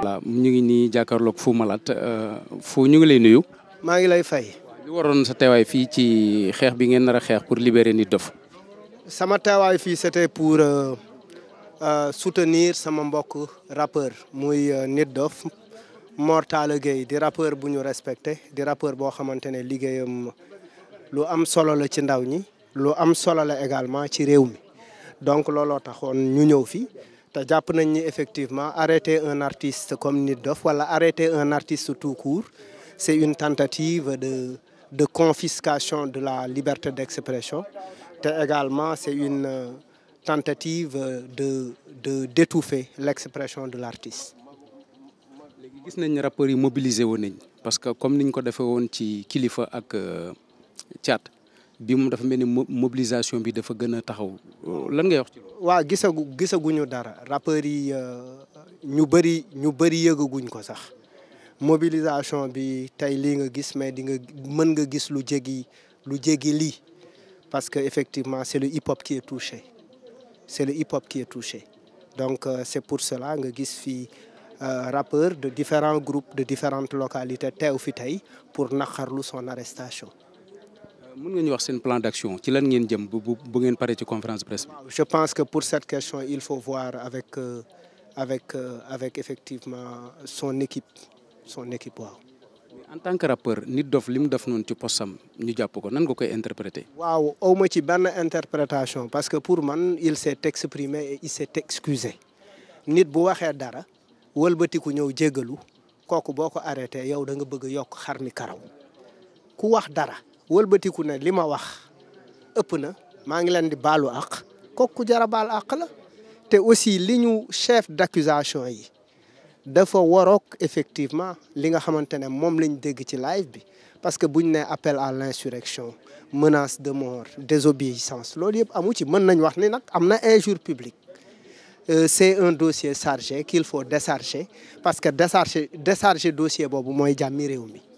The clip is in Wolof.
voilà ñu ngi nii jàkkaarloog Fou Malade euh, fu ñu ngi lay nuyu. maa ngi lay fay. li waroon sa teewaay fii ci xeex bi ngeen nar a xeex pour libérer Nit Dof. sama teewaay fii c'était pour euh, euh, soutenir sama mbokk rappeur muy Nit Dof Mor Talla di rappeur bu ñu respecté di rappeur boo xamante ne liggéeyam lu am solo la ci ndaw ñi. lu am solo la également ci réew mi donc looloo taxoon ñu ñëw fii. te jàpp nañ ni effectivement arrêter un artiste comme Nit Doff wala arrêter un artiste tout court c'est une tentative de de confiscation de la liberté d'expression te également c'est une euh, tentative de de d'étouffer l'expression de l'artiste. léegi gis nañ ne rappeurs yi mobiliser woon nañ parce que comme niñ ko defee woon ci kilifa ak euh, Thiat. bi moom dafa mel ni mobilisation bi dafa gën a taxaw lan ngay wax ci loolu. waaw gisagu gisaguñu dara rappeurs yi euh, ñu bëri ñu bëri yëgaguñ ko sax mobilisation bi tey lii nga gis mais di nga mën nga gis lu jéggi lu jéggi lii parce que effectivement c'est le hip-hop qui est touché c'est le hip-hop qui est touché donc euh, c'est pour cela nga gis fii euh, rappeurs de différents groupes de différentes localités teew fi tey pour naqarlu son arrestation. mën nga ñu wax seen plan d'action ci lan ngeen jëm bu bu ngeen paree ci conférence presse bi. je pense que pour cette question il faut voir avec euh, avec euh, avec effectivement son équipe son équipe waaw. en tant que rappeur nit dof li mu def noonu ci posam ñu jàpp ko nan nga koy interpréter. waaw aw ma ci benn interprétation parce que pour man il s'est exprimé et il s'est excusé nit bu waxee dara wëlbatiku ñëw jéggalu kooku boo ko arrêté yow da nga bëgg a yokk xar mi karaw ku wax dara. wëlbatiku ne li ma wax ëpp na maa ngi leen di baalu àq kooku jara baal àq la te aussi li ñu chef d'accusation yi dafa warook effectivement li nga xamante ne moom lañ dégg ci live bi parce que bu buñ ne appel à l'insurrection menace de mort désobéissance loolu yëpp amu ci mën nañ wax ni nag am na injure publique euh, c'est un dossier chargé qu'il faut décharger parce que décharger décharger dossier boobu mooy jàmmi réew mi